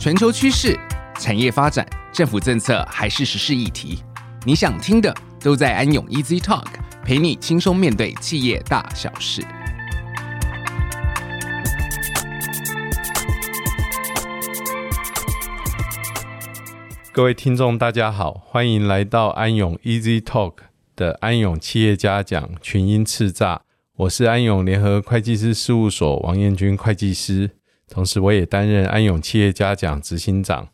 全球趨勢、產業發展、政府政策還是時事議題，你想聽的都在安永 Easy Talk，陪你輕鬆面對企業大小事。各位聽眾，大家好，歡迎來到安永 Easy Talk 的安永企業家獎群英叱咤，我是安永聯合會計師事務所王彥軍會計師。同時，我也擔任安永企業家獎執行長。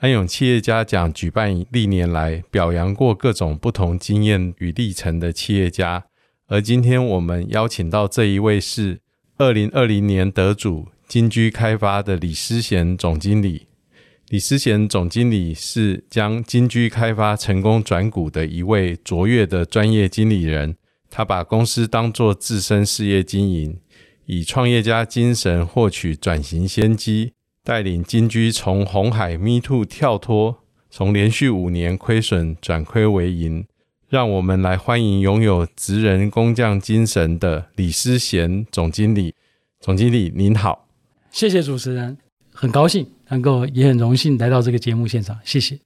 安永企業家獎舉辦歷年來，表揚過各種不同經驗與歷程的企業家。而今天我們邀請到這一位是二零二零年得主金居開發的李思賢總經理。李思賢總經理是將金居開發成功轉股的一位卓越的專業經理人。他把公司當作自身事業經營。以創業家精神獲取轉型先機，帶領金居從紅海 me too 跳脫，從連續五年虧損轉虧為盈。讓我們來歡迎擁有職人工匠精神的李思賢總經理。總經理您好，謝謝主持人，很高興能夠也很榮幸來到這個節目現場，謝謝。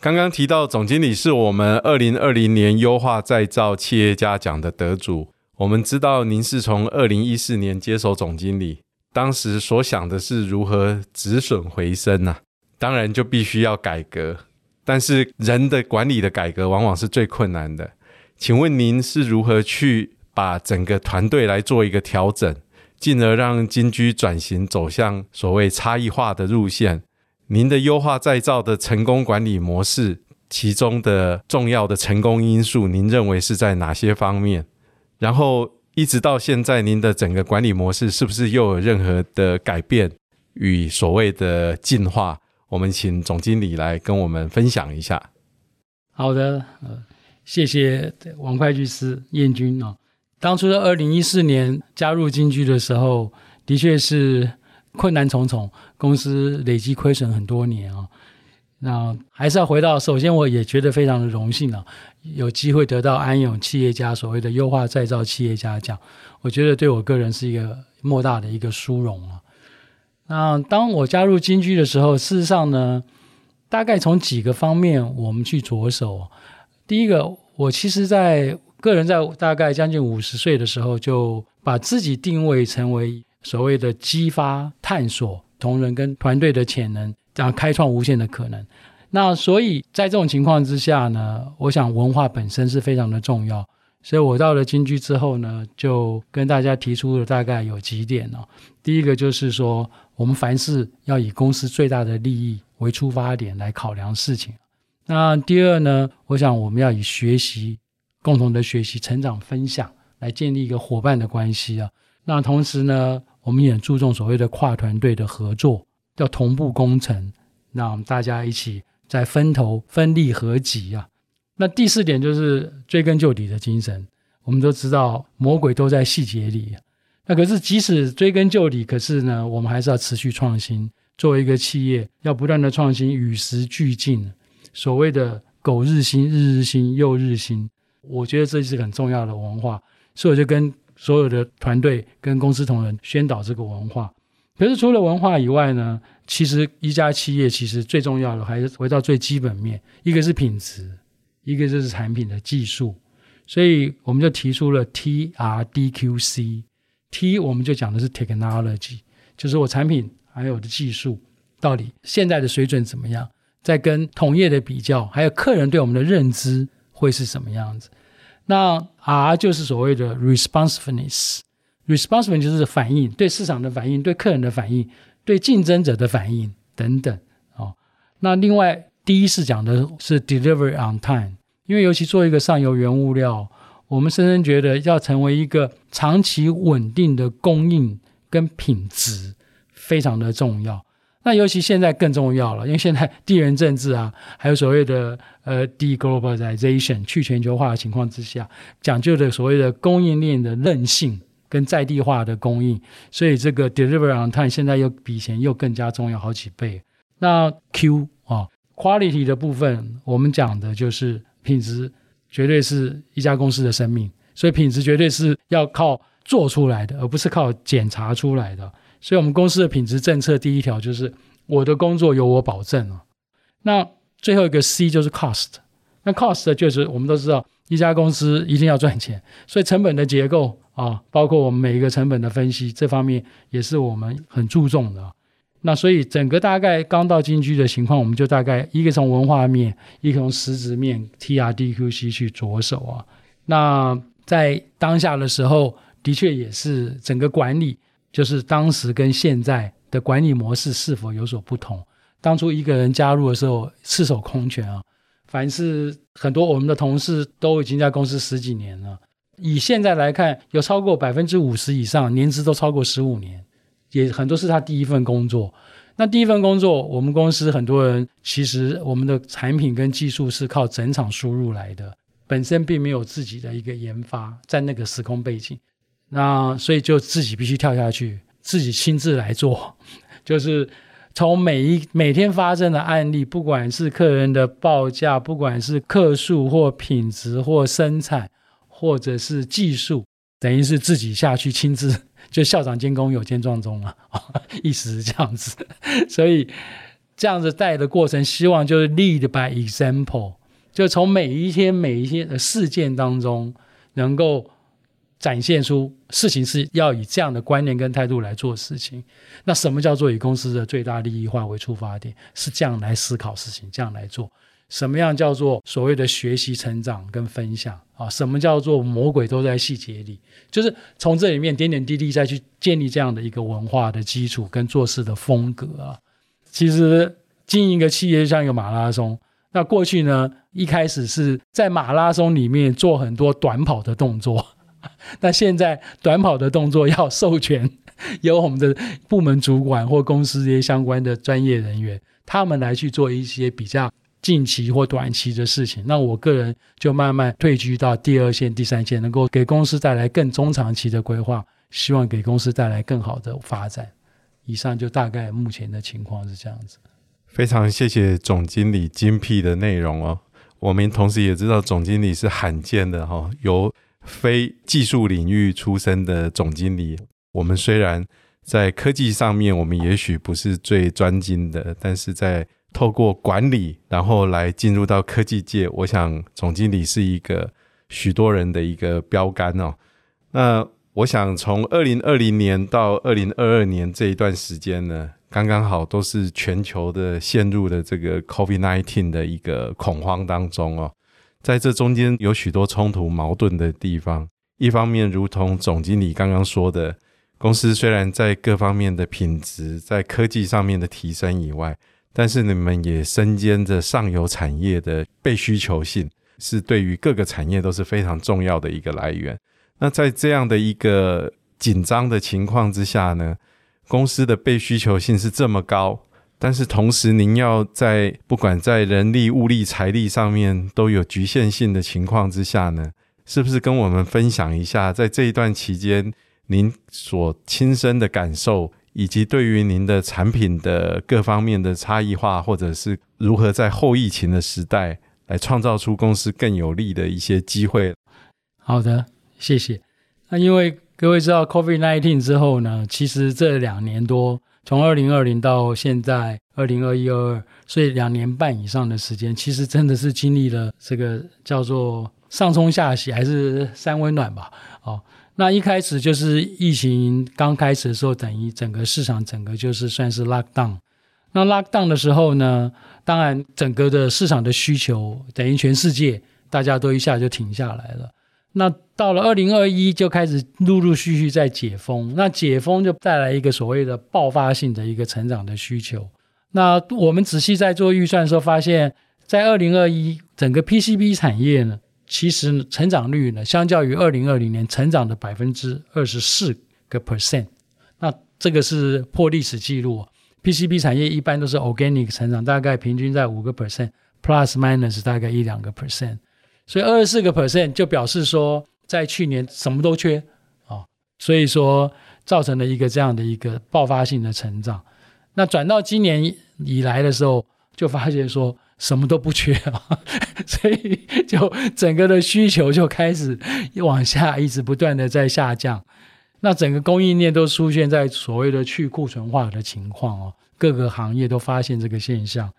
剛剛提到總經理是我們二零二零年優化再造企業家獎的得主。我們知道您是從二零一四年接手總經理，當時所想的是如何止損回升呢？啊？當然就必須要改革，但是人的管理的改革往往是最困難的。請問您是如何去把整個團隊來做一個調整，進而讓金居轉型走向所謂差異化的路線？您的優化再造的成功管理模式，其中的重要的成功因素，您認為是在哪些方面？然後一直到現在，您的整個管理模式是不是又有任何的改變與所謂的進化？我們請總經理來跟我們分享一下。好的，呃，謝謝王會計師燕軍啊、哦。當初在二零一四年加入金居的時候，的確是困難重重，公司累積虧損很多年啊、哦。那還是要回到，首先我也覺得非常的榮幸啊，有機會得到安永企業家所謂的優化再造企業家獎，我覺得對我個人是一個莫大的一個殊榮啊。那當我加入金居的時候，事實上呢，大概從幾個方面我們去着手啊。第一個，我其實在個人在大概將近五十歲的時候，就把自己定位成為所謂的激發、探索同仁跟團隊的潛能。想開創無限的可能，那所以在這種情況之下呢，我想文化本身是非常的重要。所以我到了金居之後呢，就跟大家提出了大概有幾點呢、哦：第一個就是說，我們凡事要以公司最大的利益為出發點來考量事情。那第二呢，我想我們要以學習、共同的學習、成長、分享來建立一個夥伴的關係啊。那同時呢，我們也注重所謂的跨團隊的合作。要同步工程，讓我們大家一起再分頭分力合集啊。那第四點就是追根究底的精神。我們都知道魔鬼都在細節裡，那可是即使追根究底，可是呢，我們還是要持續創新。作為一個企業，要不斷的創新，與時俱進。所謂的“苟日新，日日新，又日新”，我覺得這是很重要的文化，所以我就跟所有的團隊、跟公司同仁宣導這個文化。可是除了文化以外呢，其實一家企業其實最重要的還是回到最基本面，一個是品質，一個就是產品的技術。所以我們就提出了 TRDQC。T 我們就講的是 technology，就是我產品還有我的技術到底現在的水準怎麼樣？在跟同業的比較，還有客人對我們的認知會是什麼樣子？那 R 就是所謂的 responsiveness。Responsibility 就是反應，對市場的反應、對客人的反應、對競爭者的反應等等哦，那另外，第一是講的是 delivery on time，因為尤其做一個上游原物料，我們深深覺得要成為一個長期穩定的供應跟品質非常的重要。那尤其現在更重要了，因為現在地緣政治啊，還有所謂的呃 deglobalization 去全球化的情況之下，講究的所謂的供應鏈的韌性。跟在地化的供應，所以這個 deliver on time 現在又比以前又更加重要好幾倍。那 Q 啊，quality 的部分，我們講的就是品質，絕對是一家公司的生命，所以品質絕對是要靠做出來的，而不是靠檢查出來的。所以我們公司的品質政策第一條就是我的工作由我保證啊。那最後一個 C 就是 cost，那 cost 就是我們都知道。一家公司一定要賺錢，所以成本的結構啊，包括我們每一個成本的分析，這方面也是我們很注重的啊。那所以整個大概剛到金居的情況，我們就大概一個從文化面，一個從實質面 （T R D Q C） 去着手啊。那在當下的時候，的確也是整個管理，就是當時跟現在的管理模式是否有所不同。當初一個人加入的時候，赤手空拳啊。凡是很多我們的同事都已經在公司十幾年了，以現在來看，有超過百分之五十以上，年資都超過十五年，也很多是他第一份工作。那第一份工作，我們公司很多人其實我們的產品跟技術是靠整廠輸入來的，本身並沒有自己的一個研發。在那個時空背景，那所以就自己必須跳下去，自己親自來做，就是。從每一每天發生的案例，不管是客人的報價，不管是克數或品質或生產，或者是技術，等於是自己下去親自就校長兼工友兼撞鐘啊， 意思是這樣子，所以這樣子帶的過程，希望就是 lead by example，就從每一天每一天的事件當中能夠。展現出事情是要以這樣的觀念跟態度來做事情，那什麼叫做以公司的最大利益化為出發點？是這樣來思考事情，這樣來做。什麼樣叫做所謂的學習成長跟分享啊？什麼叫做魔鬼都在細節裡？就是從這裡面點點滴滴再去建立這樣的一個文化的基礎跟做事的風格啊。其實經營一個企業就像一個馬拉松，那過去呢，一開始是在馬拉松裡面做很多短跑的動作。 那現在短跑的動作要授權由我們的部門主管或公司這些相關的專業人員，他們來去做一些比較近期或短期的事情。那我個人就慢慢退居到第二線、第三線，能夠給公司帶來更中長期的規劃，希望給公司帶來更好的發展。以上就大概目前的情況是這樣子。非常謝謝總經理精闢的內容哦。我們同時也知道總經理是罕見的哈、哦，有。非技術領域出身的總經理，我們雖然在科技上面我們也許不是最專精的，但是在透過管理，然後來進入到科技界，我想總經理是一個許多人的一個標杆哦。那我想從二零二零年到二零二二年這一段時間呢，剛剛好都是全球的陷入了這個 COVID nineteen 的一個恐慌當中哦。在這中間有許多衝突矛盾的地方。一方面，如同總經理剛剛說的，公司雖然在各方面的品質、在科技上面的提升以外，但是你們也身兼着上游產業的被需求性，是對於各個產業都是非常重要的一個來源。那在這樣的一個緊張的情況之下呢，公司的被需求性是這麼高。但是同時，您要在不管在人力、物力、財力上面都有局限性的情況之下呢，是不是跟我們分享一下，在這一段期間您所親身的感受，以及對於您的產品的各方面的差異化，或者是如何在後疫情的時代來創造出公司更有利的一些機會？好的，謝謝。那因為。各位知道 COVID nineteen 之後呢？其實這兩年多，從二零二零到現在二零二一二二，2021, 2022, 所以兩年半以上的時間，其實真的是經歷了這個叫做上衝下洗，還是三溫暖吧？哦，那一開始就是疫情剛開始的時候，等於整個市場整個就是算是 lock down。那 lock down 的時候呢，當然整個的市場的需求等於全世界大家都一下就停下來了。那到了二零二一就開始陸陸續續在解封，那解封就帶來一個所謂的爆發性的一個成長的需求。那我們仔細在做預算的時候，發現，在二零二一整個 PCB 產業呢，其實成長率呢，相較於二零二零年成長的百分之二十四個 percent，那這個是破歷史記錄啊，PCB 產業一般都是 organic 成長，大概平均在五個 percent，plus minus 大概一兩個 percent。所以二十四個 percent 就表示說，在去年什麼都缺啊、哦，所以說造成了一個這樣的一個爆發性的成長。那轉到今年以來的時候，就發現說什麼都不缺啊、哦，所以就整個的需求就開始往下，一直不斷的在下降。那整個供應鏈都出現在所謂的去庫存化的情況哦，各個行業都發現這個現象。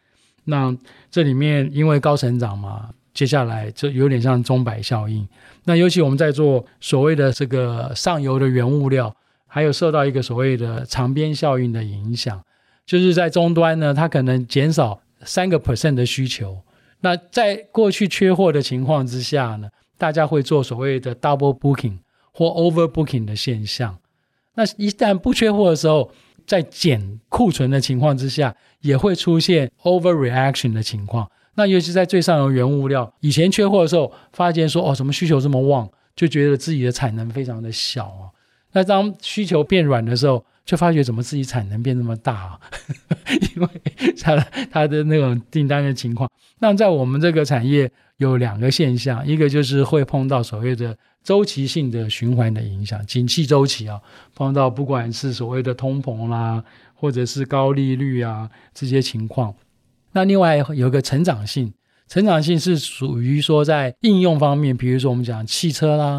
那這裡面因為高成長嘛。接下來就有點像鐘擺效應。那尤其我們在做所謂的這個上游的原物料，還有受到一個所謂的長鞭效應的影響，就是在終端呢，它可能減少三個 percent 的需求。那在過去缺貨的情況之下呢，大家會做所謂的 double booking 或 over booking 的現象。那一旦不缺貨的時候，在減庫存的情況之下，也會出現 overreaction 的情況。那尤其在最上游原物料，以前缺貨的時候，發現說哦，什麼需求這麼旺，就覺得自己的產能非常的小啊。那當需求變軟的時候，就發覺怎麼自己產能變這麼大啊？ 因為它的，它的那種訂單的情況。那在我們這個產業，有兩個現象，一個就是會碰到所謂的週期性的循環的影響，景氣週期啊，碰到不管是所謂的通膨啦，啊，或者是高利率啊這些情況。那另外有個成長性，成長性是屬於說在應用方面，比如說我們講汽車啦、啊，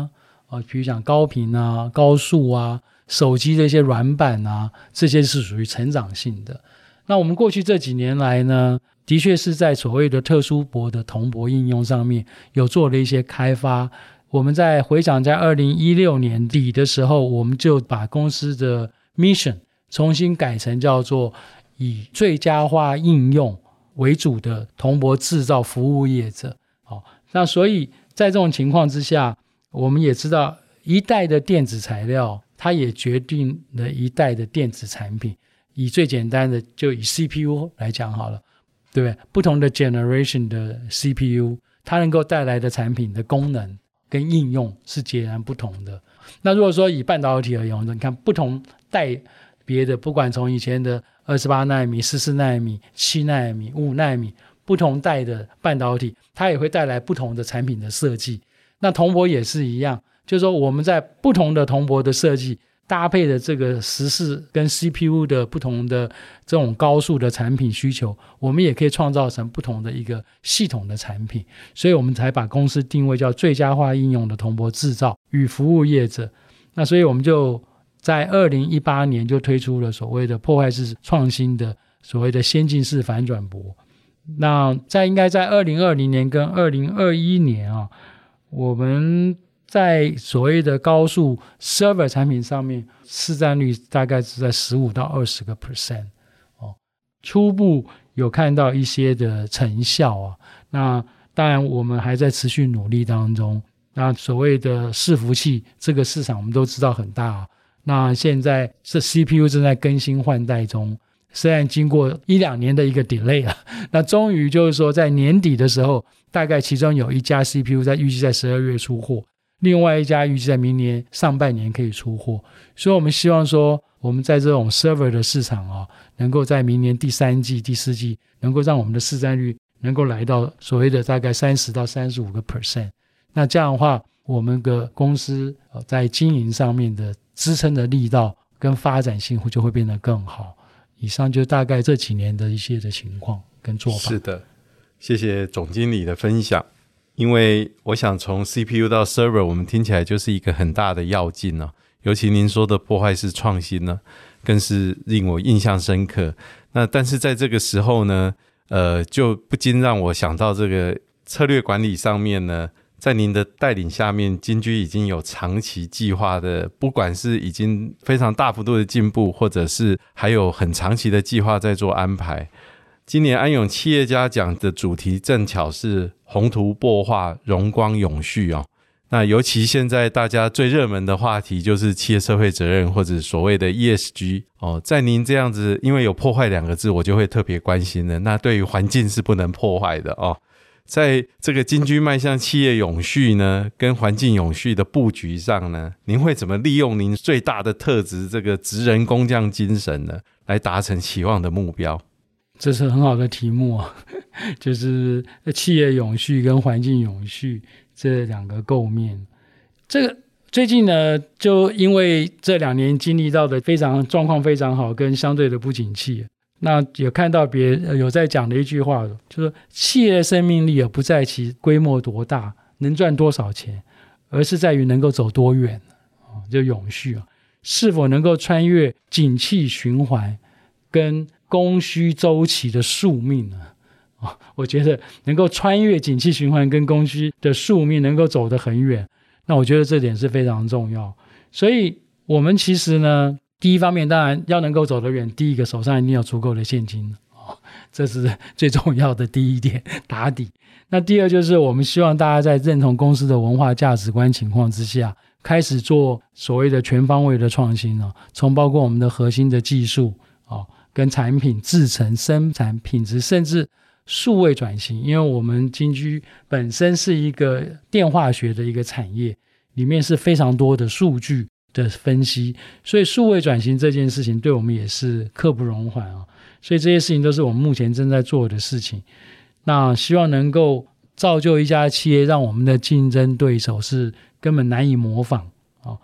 啊、呃，比如講高頻啊、高速啊、手機這些軟板啊，這些是屬於成長性的。那我們過去這幾年來呢，的確是在所謂的特殊箔的銅箔應用上面有做了一些開發。我們在回想在二零一六年底的時候，我們就把公司的 mission 重新改成叫做以最佳化應用為主的銅箔制造服務業者，好，那所以在這種情況之下，我們也知道一代的電子材料，它也決定了一代的電子產品。以最簡單的，就以 CPU 來講好了，對不對？不同的 generation 的 CPU，它能夠帶來的產品的功能跟應用是截然不同的。那如果說以半導體而言，你看不同代。別的不管從以前的二十八奈米、十四奈米、七奈米、五奈米不同代的半導體，它也會帶來不同的產品的設計。那銅箔也是一樣，就是說我們在不同的銅箔的設計搭配的這個十四跟 CPU 的不同的這種高速的產品需求，我們也可以創造成不同的一個系統的產品。所以我們才把公司定位叫最佳化應用的銅箔製造與服務業者。那所以我們就。在二零一八年就推出了所謂的破壞式創新的所謂的先進式反轉箔，那在應該在二零二零年跟二零二一年啊，我們在所謂的高速 server 產品上面市占率大概是在十五到二十個 percent 哦，初步有看到一些的成效啊，那當然我們還在持續努力當中。那所謂的伺服器這個市場我們都知道很大啊。那現在這 CPU 正在更新換代中，雖然經過一兩年的一個 delay 啊，那終於就是說在年底的時候，大概其中有一家 CPU 在預計在十二月出貨，另外一家預計在明年上半年可以出貨。所以，我們希望說我們在這種 server 的市場啊，能夠在明年第三季、第四季能夠讓我們的市占率能夠來到所謂的大概三十到三十五個 percent。那這樣的話，我們的公司在經營上面的。支撐的力道跟發展性會就會變得更好。以上就大概這幾年的一些的情況跟做法。是的，謝謝總經理的分享。因為我想從 CPU 到 Server，我們聽起來就是一個很大的躍進，哦，尤其您說的破壞式創新呢，啊，更是令我印象深刻。那但是在這個時候呢，呃，就不禁讓我想到這個策略管理上面呢。在您的帶領下面，金居已經有長期計劃的，不管是已經非常大幅度的進步，或者是還有很長期的計劃在做安排。今年安永企業家獎的主題正巧是“宏圖擘畫，榮光永續”哦。那尤其現在大家最熱門的話題就是企業社會責任或者所謂的 ESG 哦。在您這樣子，因為有“破壞”兩個字，我就會特別關心的。那對於環境是不能破壞的哦。在這個金居邁向企業永續呢，跟環境永續的布局上呢，您會怎麼利用您最大的特質——這個職人工匠精神呢，來達成期望的目標？這是很好的題目啊，就是企業永續跟環境永續這兩個構面。這個最近呢，就因為這兩年經歷到的非常狀況非常好，跟相對的不景氣。那有看到別人有在講的一句話，就是說企業的生命力也不在其規模多大，能賺多少錢，而是在於能夠走多遠，就永續啊，是否能夠穿越景氣循環跟供需周期的宿命呢？我覺得能夠穿越景氣循環跟供需的宿命，能夠走得很遠，那我覺得這點是非常重要。所以，我們其實呢。第一方面，當然要能夠走得遠。第一個手上一定要足夠的現金，哦，這是最重要的第一點，打底。那第二就是我們希望大家在認同公司的文化價值觀情況之下，開始做所謂的全方位的創新，從包括我們的核心的技術、跟產品、製程、生產品質，甚至數位轉型。因為我們金居本身是一個電化學的一個產業，裡面是非常多的數據的分析，所以數位轉型這件事情對我們也是刻不容緩啊！所以這些事情都是我們目前正在做的事情。那希望能夠造就一家企業，讓我們的競爭對手是根本難以模仿啊！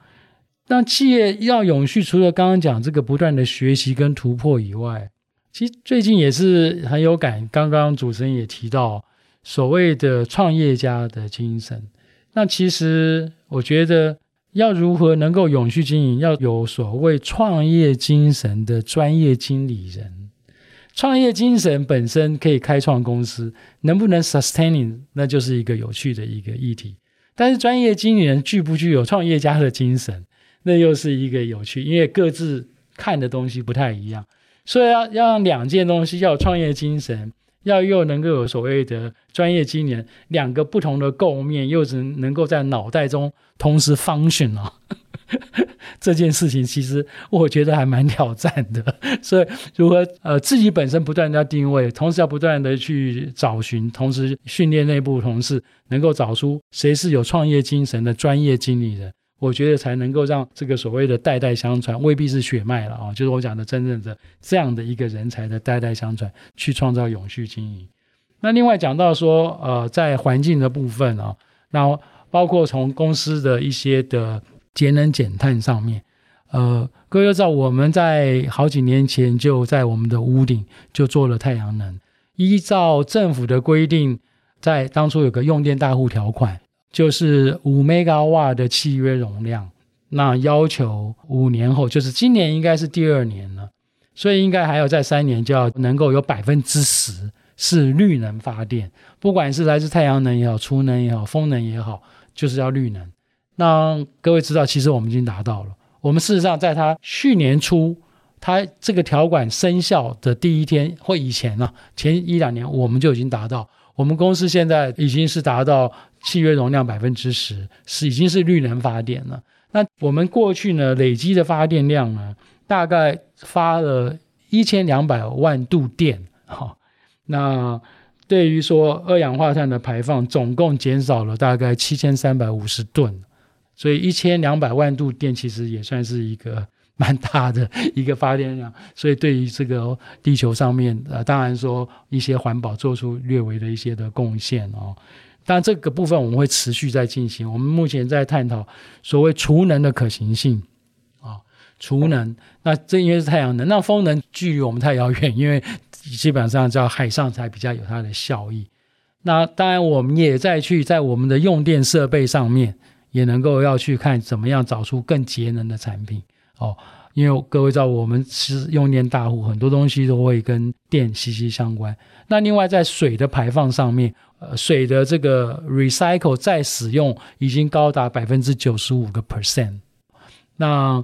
那企業要永續，除了剛剛講這個不斷的學習跟突破以外，其實最近也是很有感。剛剛主持人也提到所謂的創業家的精神，那其實我覺得。要如何能夠永續經營？要有所謂創業精神的專業經理人，創業精神本身可以開創公司，能不能 sustaining，那就是一個有趣的一個議題。但是專業經理人具不具有創業家的精神，那又是一個有趣，因為各自看的東西不太一樣，所以要要讓兩件東西要有創業精神。要又能夠有所謂的專業經理人，兩個不同的構面，又只能夠在腦袋中同時 function 這件事情其實我覺得還蠻挑戰的。所以如何呃自己本身不斷地要定位，同時要不斷的去找尋，同時訓練內部同事，能夠找出誰是有創業精神的專業經理人。我覺得才能夠讓這個所謂的代代相傳，未必是血脈了啊，就是我講的真正的這樣的一個人才的代代相傳，去創造永續經營。那另外講到說，呃，在環境的部分啊，那包括從公司的一些的節能減碳上面，呃，各位知道我們在好幾年前就在我們的屋頂就做了太陽能，依照政府的規定，在當初有個用電大戶條款。就是五 mega 瓦的契約容量，那要求五年後，就是今年應該是第二年了，所以應該還要再三年就要能夠有百分之十是綠能發電，不管是來自太陽能也好、儲能也好、風能也好，就是要綠能。那各位知道，其實我們已經達到了。我們事實上在他去年初，他這個條款生效的第一天或以前呢、啊，前一兩年我們就已經達到。我們公司現在已經是達到。契約容量百分之十是已經是綠能發電了。那我們過去呢，累積的發電量呢，大概發了一千兩百萬度電哈，那對於說二氧化碳的排放，總共減少了大概七千三百五十噸。所以一千兩百萬度電其實也算是一個蠻大的一個發電量。所以對於這個地球上面，呃，當然說一些環保做出略微的一些的貢獻哦。但這個部分我們會持續在進行。我們目前在探討所謂儲能的可行性啊，儲能。那正因為是太陽能，那風能距離我們太遙遠，因為基本上叫海上才比較有它的效益。那當然我們也在去在我們的用電設備上面，也能夠要去看怎麼樣找出更節能的產品哦。因為各位知道，我們其實用電大戶，很多東西都會跟電息息相關。那另外在水的排放上面，呃，水的這個 recycle 再使用已經高達百分之九十五個 percent。那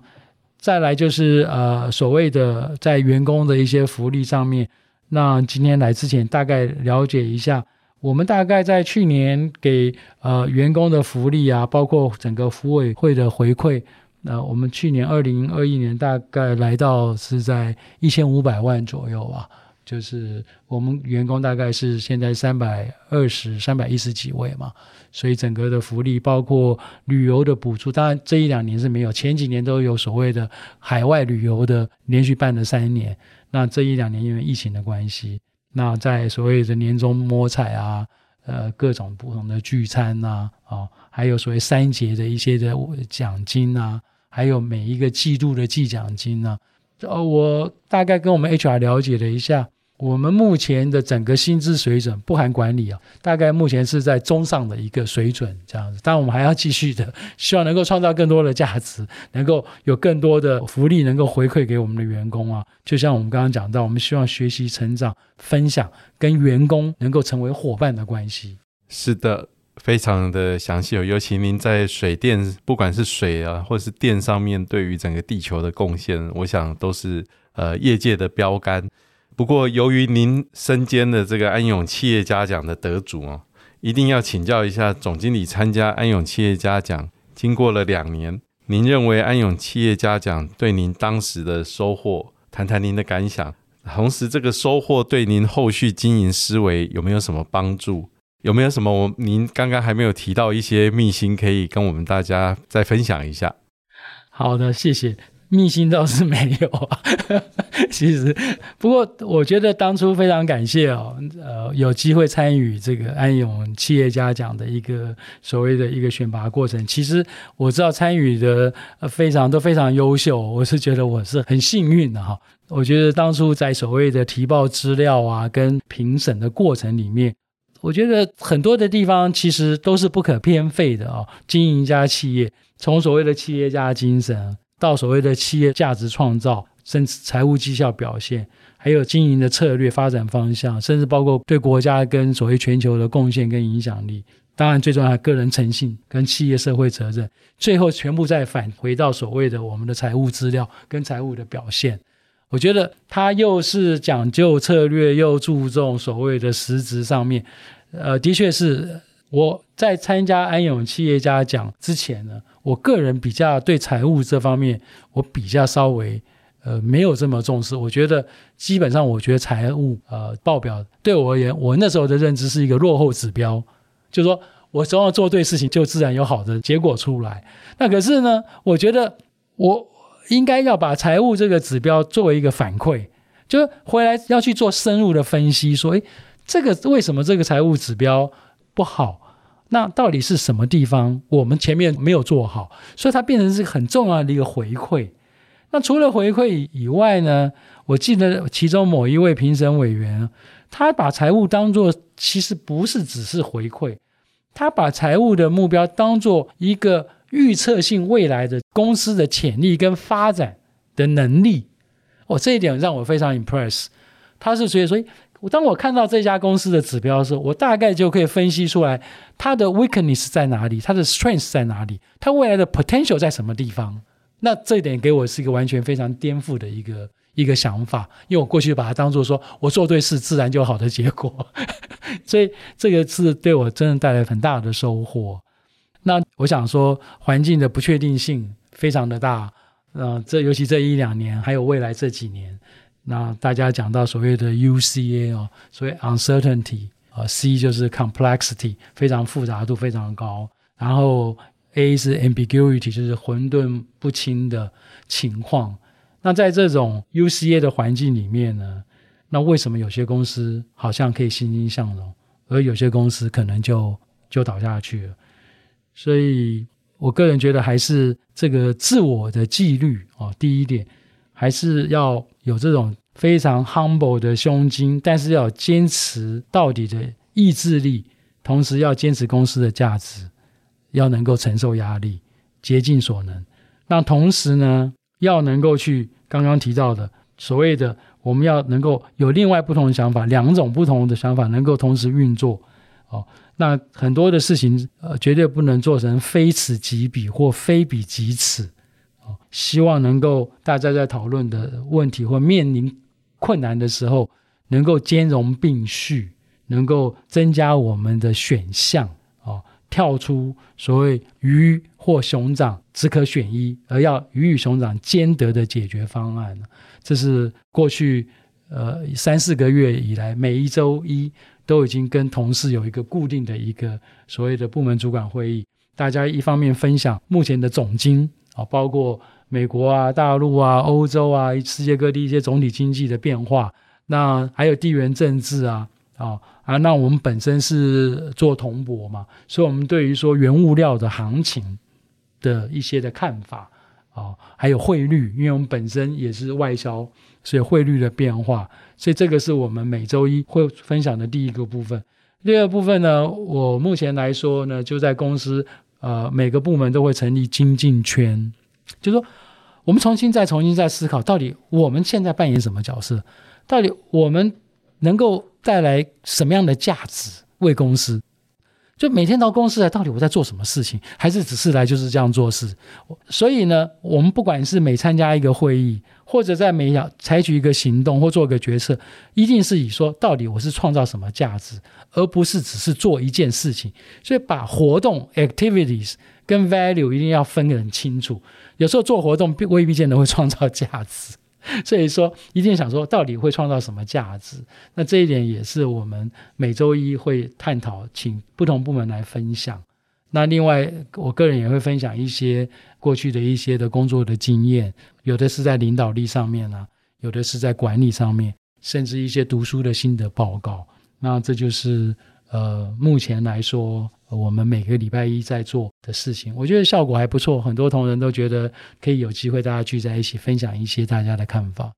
再來就是呃所謂的在員工的一些福利上面，那今天來之前大概了解一下，我們大概在去年給呃員工的福利啊，包括整個福委會的回饋。那我們去年二零二一年大概來到是在一千五百萬左右啊，就是我們員工大概是現在三百二十三百一十幾位嘛，所以整個的福利包括旅遊的補助，當然這一兩年是沒有，前幾年都有所謂的海外旅遊的連續辦了三年，那這一兩年因為疫情的關係，那在所謂的年終摸彩啊，呃，各種不同的聚餐吶、啊，哦，還有所謂三節的一些的獎金啊。還有每一個季度的季獎金呢、啊，呃、哦，我大概跟我們 HR 了解了一下，我們目前的整個薪資水準不含管理啊，大概目前是在中上的一個水準這樣子。但我們還要繼續的，希望能夠創造更多的價值，能夠有更多的福利能夠回饋給我們的員工啊。就像我們剛剛講到，我們希望學習、成長、分享，跟員工能夠成為夥伴的關係。是的。非常的詳細，尤其您在水電，不管是水啊，或是電上面，對於整個地球的貢獻，我想都是呃業界的標杆。不過，由於您身兼的這個安永企業家獎的得主哦、啊，一定要請教一下總經理參加安永企業家獎。經過了兩年，您認為安永企業家獎對您當時的收穫，談談您的感想。同時，這個收穫對您後續經營思維有沒有什麼幫助？有沒有什麼我您剛剛還沒有提到一些秘辛，可以跟我們大家再分享一下？好的，謝謝。秘辛倒是沒有啊， 其實不過我覺得當初非常感謝哦，呃，有機會參與這個安永企業家獎的一個所謂的一個選拔過程。其實我知道參與的呃非常都非常優秀，我是覺得我是很幸運的哈、哦。我覺得當初在所謂的提報資料啊跟評審的過程裡面，我覺得很多的地方其實都是不可偏廢的哦，經營家企業，從所謂的企業家精神，到所謂的企業價值創造，甚至財務績效表現，還有經營的策略發展方向，甚至包括對國家跟所謂全球的貢獻跟影響力，當然最重要的個人誠信跟企業社會責任，最後全部再返回到所謂的我們的財務資料跟財務的表現。我覺得他又是講究策略，又注重所謂的實質上面，呃，的確是我在參加安永企業家獎之前呢，我個人比較對財務這方面，我比較稍微呃沒有這麼重視。我覺得基本上，我覺得財務呃報表對我而言，我那時候的認知是一個落後指標，就是說我只要做對事情，就自然有好的結果出來。那可是呢，我覺得我。應該要把財務這個指標作為一個反饋，就回來要去做深入的分析，說：“誒，這個為什麼這個財務指標不好？那到底是什麼地方？我們前面沒有做好，所以它變成是很重要的一個回饋。那除了回饋以外呢？我記得其中某一位評審委員，他把財務當做其實不是只是回饋，他把財務的目標當做一個。”預測性未來的公司的潛力跟發展的能力，我這一點讓我非常 impress，他是，所以，所以我當我看到這家公司的指標的時候，我大概就可以分析出來它的 weakness 在哪裡，它的 strength 在哪裡，它未來的 potential 在什麼地方。那這一點給我是一個完全非常顛覆的一個一個想法，因為我過去把它當做說我做對事自然就好的結果， 所以這個是對我真的帶來很大的收穫。那我想說，環境的不確定性非常的大，呃，這尤其這一兩年，還有未來這幾年，那大家講到所謂的 UCA 哦，所謂 uncertainty 啊，呃，C 就是 complexity，非常複雜度非常高，然後 A 是 ambiguity，就是混沌不清的情況。那在這種 UCA 的環境裡面呢，那為什麼有些公司好像可以欣欣向榮，而有些公司可能就就倒下去了？所以，我個人覺得還是這個自我的紀律啊，哦，第一點，還是要有這種非常 humble 的胸襟，但是要堅持到底的意志力，嗯，同時要堅持公司的價值，要能夠承受壓力，竭盡所能。那同時呢，要能夠去剛剛提到的所謂的，我們要能夠有另外不同的想法，兩種不同的想法能夠同時運作，哦。那很多的事情，呃，絕對不能做成非此即彼或非彼即此，哦，希望能夠大家在討論的問題或面臨困難的時候，能夠兼容並蓄，能夠增加我們的選項，哦，跳出所謂魚或熊掌只可選一，而要魚與熊掌兼得的解決方案。這是過去呃三四個月以來，每一周一。都已經跟同事有一個固定的一個所謂的部門主管會議，大家一方面分享目前的總經啊，包括美國啊、大陸啊、歐洲啊、世界各地一些總體經濟的變化，那還有地緣政治啊，啊啊，那我們本身是做銅箔嘛，所以我們對於說原物料的行情的一些的看法。啊、哦，還有匯率，因為我們本身也是外銷，所以匯率的變化，所以這個是我們每周一會分享的第一個部分。第二部分呢，我目前來說呢，就在公司，呃，每個部門都會成立精進圈，就是說，我們重新再重新再思考，到底我們現在扮演什麼角色，到底我們能夠帶來什麼樣的價值為公司。就每天到公司來，到底我在做什麼事情，還是只是來就是這樣做事？所以呢，我們不管是每參加一個會議，或者在每要採取一個行動或做一個決策，一定是以說到底我是創造什麼價值，而不是只是做一件事情。所以把活動 （activities） 跟 value 一定要分得很清楚。有時候做活動未必見得會創造價值。所以說，一定想說，到底會創造什麼價值？那這一點也是我們每周一會探討，請不同部門來分享。那另外，我個人也會分享一些過去的一些的工作的經驗，有的是在領導力上面呢、啊，有的是在管理上面，甚至一些讀書的心得報告。那這就是。呃，目前來說，呃，我們每個禮拜一在做的事情，我覺得效果還不錯，很多同仁都覺得可以有機會大家聚在一起分享一些大家的看法。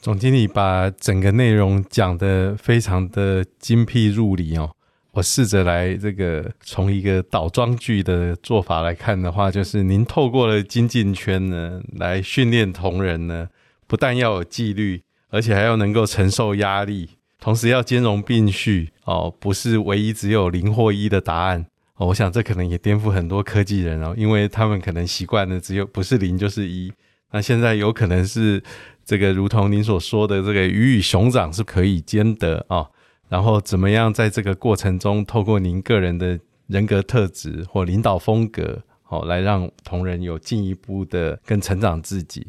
總經理把整個內容講得非常的精闢入理，哦，我試着來這個從一個倒裝句的做法來看的話，就是您透過了精進圈呢來訓練同仁呢，不但要有紀律，而且還要能夠承受壓力。同時要兼容並蓄哦，不是唯一只有零或一的答案。哦，我想這可能也顛覆很多科技人哦，因為他們可能習慣的只有不是零就是一。那現在有可能是這個，如同您所說的這個魚與熊掌是可以兼得哦。然後怎麼樣在這個過程中，透過您個人的人格特質或領導風格，好，哦，來讓同仁有進一步的跟成長自己。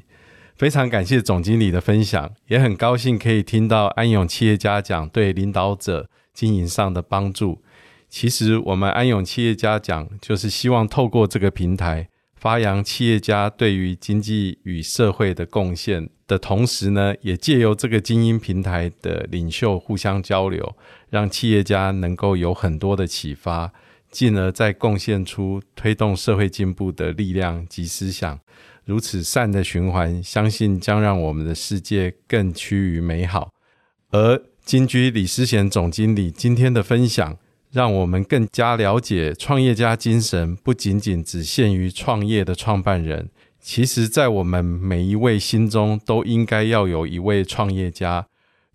非常感謝總經理的分享，也很高興可以聽到安永企業家獎對領導者經營上的幫助。其實我們安永企業家獎就是希望透過這個平台，發揚企業家對於經濟與社會的貢獻的同時呢，也借由這個精英平台的領袖互相交流，讓企業家能夠有很多的啟發。進而再貢獻出推動社會進步的力量及思想，如此善的循環，相信將讓我們的世界更趨於美好。而金居李思賢總經理今天的分享，讓我們更加了解創業家精神不僅僅只限於創業的創辦人，其實在我們每一位心中都應該要有一位創業家，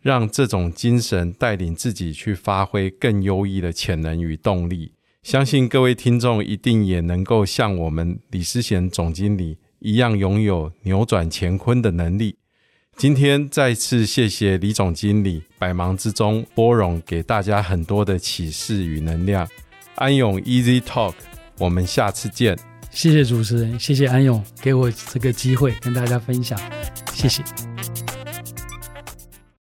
讓這種精神帶領自己去發揮更優異的潛能與動力。相信各位聽眾一定也能夠像我們李思賢總經理一樣，擁有扭轉乾坤的能力。今天再次謝謝李總經理百忙之中撥冗給大家很多的啟示與能量。安永 Easy Talk，我們下次見。謝謝主持人，謝謝安永給我這個機會跟大家分享，謝謝。